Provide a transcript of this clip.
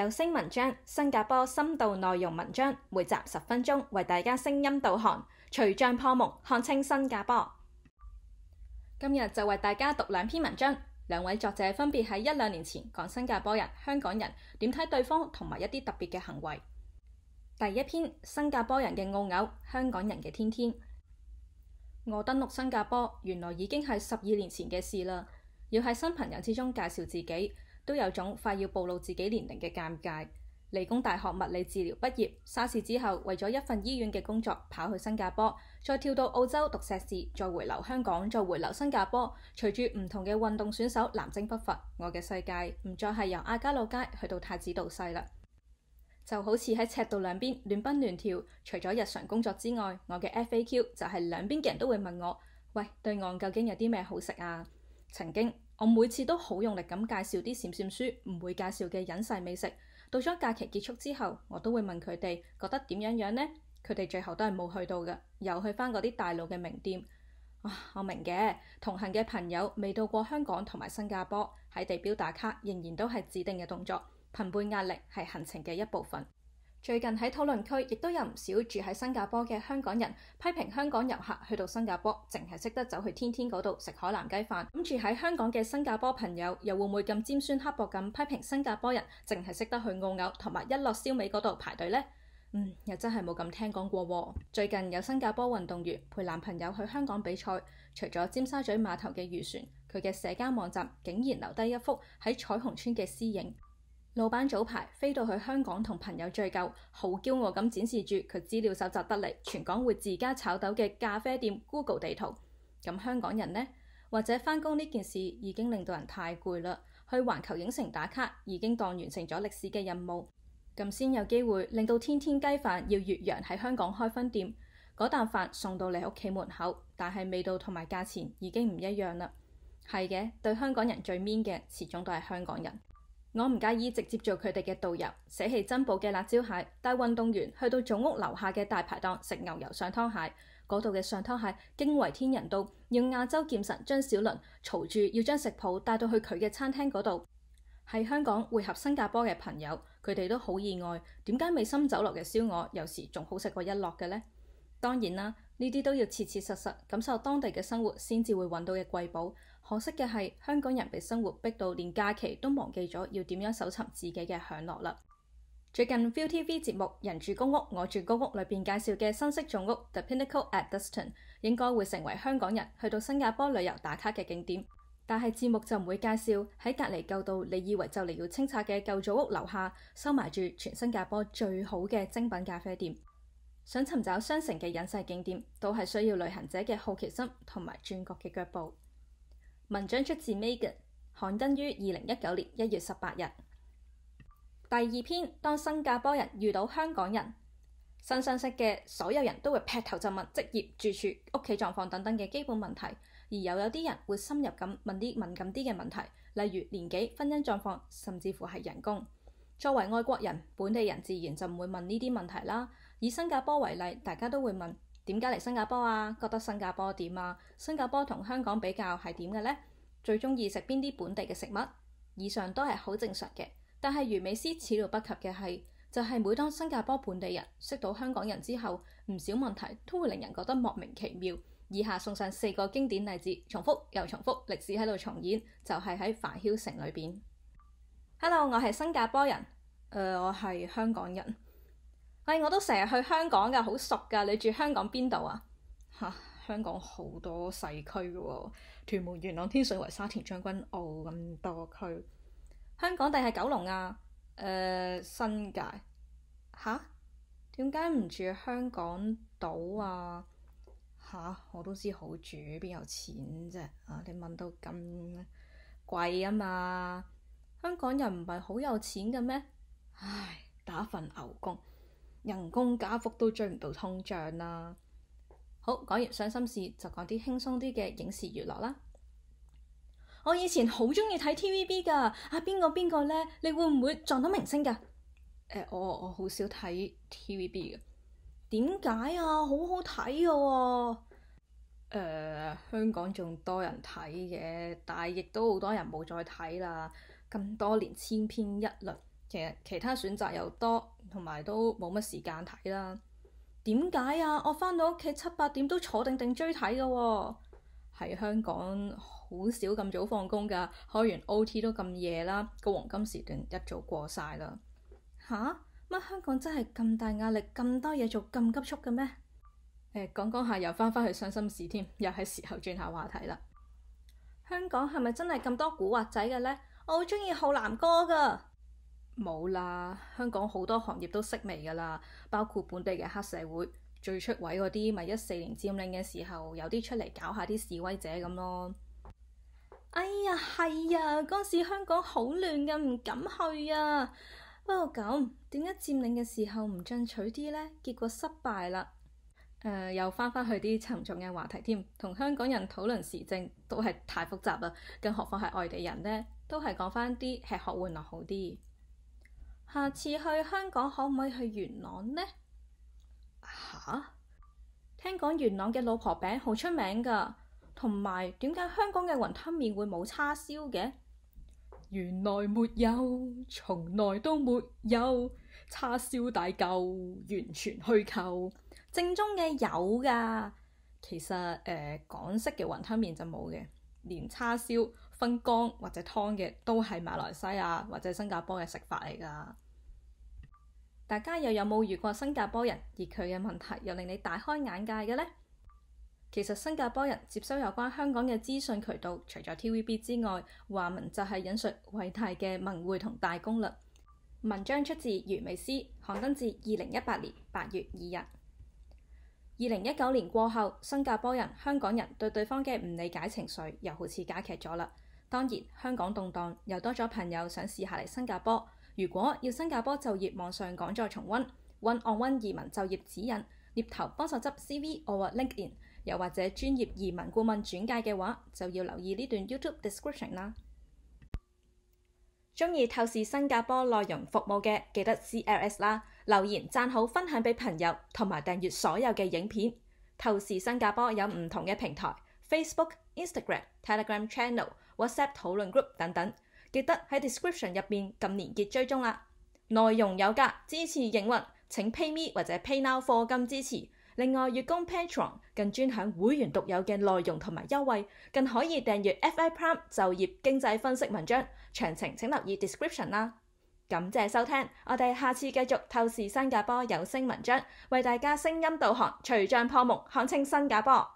有聲文章，新加坡深度內容文章，每集十分鐘，為大家聲音導航，除障破目，看清新加坡。今日就為大家讀兩篇文章，兩位作者分別喺一兩年前講新加坡人、香港人點睇對方同埋一啲特別嘅行為。第一篇：新加坡人嘅澳牛，香港人嘅天天。我登陸新加坡，原來已經係十二年前嘅事啦。要喺新朋友之中介紹自己。都有種快要暴露自己年齡嘅尷尬。理工大學物理治療畢業，沙士之後為咗一份醫院嘅工作跑去新加坡，再跳到澳洲讀碩士，再回流香港，再回流新加坡。隨住唔同嘅運動選手南征北伐，我嘅世界唔再係由亞皆老街去到太子道西啦。就好似喺赤道兩邊亂奔亂跳，除咗日常工作之外，我嘅 FAQ 就係兩邊嘅人都會問我：喂，對岸究竟有啲咩好食啊？曾經，我每次都好用力咁介紹啲閃閃書唔會介紹嘅隱世美食。到咗假期結束之後，我都會問佢哋覺得點樣樣呢？佢哋最後都係冇去到嘅，又去翻嗰啲大陸嘅名店。哦，我明嘅，同行嘅朋友未到過香港同埋新加坡，喺地標打卡仍然都係指定嘅動作，朋輩壓力係行程嘅一部分。最近喺討論區亦都有唔少住喺新加坡嘅香港人批評香港遊客去到新加坡，淨係識得走去天天嗰度食海南雞飯。咁住喺香港嘅新加坡朋友又會唔會咁尖酸刻薄咁批評新加坡人淨係識得去澳牛同埋一樂燒味嗰度排隊呢？嗯，又真係冇咁聽講過喎。最近有新加坡運動員陪男朋友去香港比賽，除咗尖沙咀碼頭嘅漁船，佢嘅社交網站竟然留低一幅喺彩虹村嘅私影。老闆早排飛到去香港同朋友聚舊，好驕傲咁展示住佢資料搜集得嚟全港會自家炒豆嘅咖啡店 Google 地圖。咁香港人呢，或者返工呢件事已經令到人太攰啦。去環球影城打卡已經當完成咗歷史嘅任務，咁先有機會令到天天雞飯要越洋喺香港開分店，嗰啖飯送到你屋企門口，但係味道同埋價錢已經唔一樣啦。係嘅，對香港人最 mean 嘅始終都係香港人。我唔介意直接做佢哋嘅導遊，捨棄珍寶嘅辣椒蟹，帶運動員去到組屋樓下嘅大排檔食牛油上湯蟹，嗰度嘅上湯蟹驚為天人到，要亞洲劍神張小倫嘈住要將食譜帶到去佢嘅餐廳嗰度。喺香港會合新加坡嘅朋友，佢哋都好意外，點解美心酒樓嘅燒鵝，有時仲好食過一樂嘅呢？當然啦，呢啲都要切切實實感受當地嘅生活先至會揾到嘅瑰寶。可惜嘅係，香港人被生活逼到連假期都忘記咗要點樣搜尋自己嘅享樂啦。最近 ViuTV 節目《人住公屋，我住公屋》裏邊介紹嘅新式祖屋 The Pinnacle at Duxton，應該會成為香港人去到新加坡旅遊打卡嘅景點。但係節目就唔會介紹喺隔籬舊到你以為就嚟要清拆嘅舊祖屋樓下，收埋住全新加坡最好嘅精品咖啡店。想尋找雙城嘅隱世景點，都係需要旅行者嘅好奇心同埋轉角嘅腳步。文章出自《Make》，刊登於二零一九年一月十八日。第二篇，當新加坡人遇到香港人，新認識嘅所有人都會劈頭就問職業、住處、屋企狀況等等嘅基本問題，而又有啲人會深入咁問啲敏感啲嘅問題，例如年紀、婚姻狀況，甚至乎係人工。作為外國人，本地人自然就唔會問呢啲問題啦。以新加坡為例，大家都會問。點解嚟新加坡啊？覺得新加坡點啊？新加坡同香港比較係點嘅呢？最中意食邊啲本地嘅食物？以上都係好正常嘅。但係余美思始料不及嘅係，就係每當新加坡本地人識到香港人之後，唔少問題都會令人覺得莫名其妙。以下送上四個經典例子，重複又重複，歷史喺度重演，就係喺繁囂城裏邊。Hello，我係新加坡人。誒、呃，我係香港人。哎，我都成日去香港噶，好熟噶。你住香港邊度啊？吓，香港好多細區嘅，屯門、元朗、天水圍、沙田將、將軍澳咁多區。香港定係九龍啊？誒、呃，新界吓？點解唔住香港島啊？吓，我都知好住，邊有錢啫？啊，你問到咁貴啊嘛？香港人唔係好有錢嘅咩？唉，打份牛工。人工加幅都追唔到通脹啦。好，講完傷心事就講啲輕鬆啲嘅影視娛樂啦。我以前好中意睇 TVB 噶，啊邊個邊個呢？你會唔會撞到明星噶？呃，我我好少睇 TVB 嘅，點解啊？好好睇嘅喎。呃，香港仲多人睇嘅，但係亦都好多人冇再睇啦。咁多年千篇一律。其他選擇又多，同埋都冇乜時間睇啦。點解啊？我翻到屋企七八點都坐定定追睇噶喎。喺香港好少咁早放工噶，開完 OT 都咁夜啦。個黃金時段一早過晒啦。嚇？乜啊？香港真係咁大壓力，咁多嘢做，咁急促嘅咩？誒，講講下又翻返去傷心事添，又係時候轉下話題啦。香港係咪真係咁多古惑仔嘅呢？我好中意浩南哥噶～冇啦，香港好多行業都式微噶啦，包括本地嘅黑社會最出位嗰啲，咪一四年佔領嘅時候有啲出嚟搞下啲示威者咁咯。哎呀，係啊，嗰時香港好亂噶，唔敢去啊。不過咁點解佔領嘅時候唔進取啲呢？結果失敗啦。誒、呃，又翻返去啲沉重嘅話題添，同香港人討論時政都係太複雜啦，更何況係外地人呢？都係講翻啲吃喝玩樂好啲。下次去香港可唔可以去元朗呢？吓、啊？聽講元朗嘅老婆餅好出名㗎，同埋點解香港嘅雲吞麵會冇叉燒嘅？原來沒有，從來都沒有叉燒大嚿，完全虛構。正宗嘅有㗎，其實誒、呃、港式嘅雲吞麵就冇嘅，連叉燒。分乾或者湯嘅都係馬來西亞或者新加坡嘅食法嚟㗎。大家又有冇遇過新加坡人而佢嘅問題又令你大開眼界嘅呢？其實新加坡人接收有關香港嘅資訊渠道，除咗 T V B 之外，話文就係引述偉大嘅《文匯》同《大公率。文章，出自余美斯，刊登至二零一八年八月二日。二零一九年過後，新加坡人、香港人對對方嘅唔理解情緒又好似加劇咗啦。當然，香港動盪，又多咗朋友想試下嚟新加坡。如果要新加坡就業網上講座重溫，1-on-1 移民就業指引，獵頭幫手執 CV or LinkedIn，又或者專業移民顧問轉介嘅話，就要留意呢段 YouTube description 啦。中意透視新加坡內容服務嘅，記得 CLS 啦，留言讚好、分享俾朋友同埋訂閱所有嘅影片。透視新加坡有唔同嘅平台：Facebook、Instagram、Telegram Channel。WhatsApp 討論 group 等等，記得喺 description 入邊撳連結追蹤啦。內容有價，支持營運，請 Payme 或者 Paynow 課金支持。另外月供 Patreon 更專享會員獨有嘅內容同埋優惠，更可以訂閱 FI Prime 就業經濟分析文章。詳情請留意 description 啦。感謝收聽，我哋下次繼續透視新加坡有聲文章，為大家聲音導航，除障破木，看清新加坡。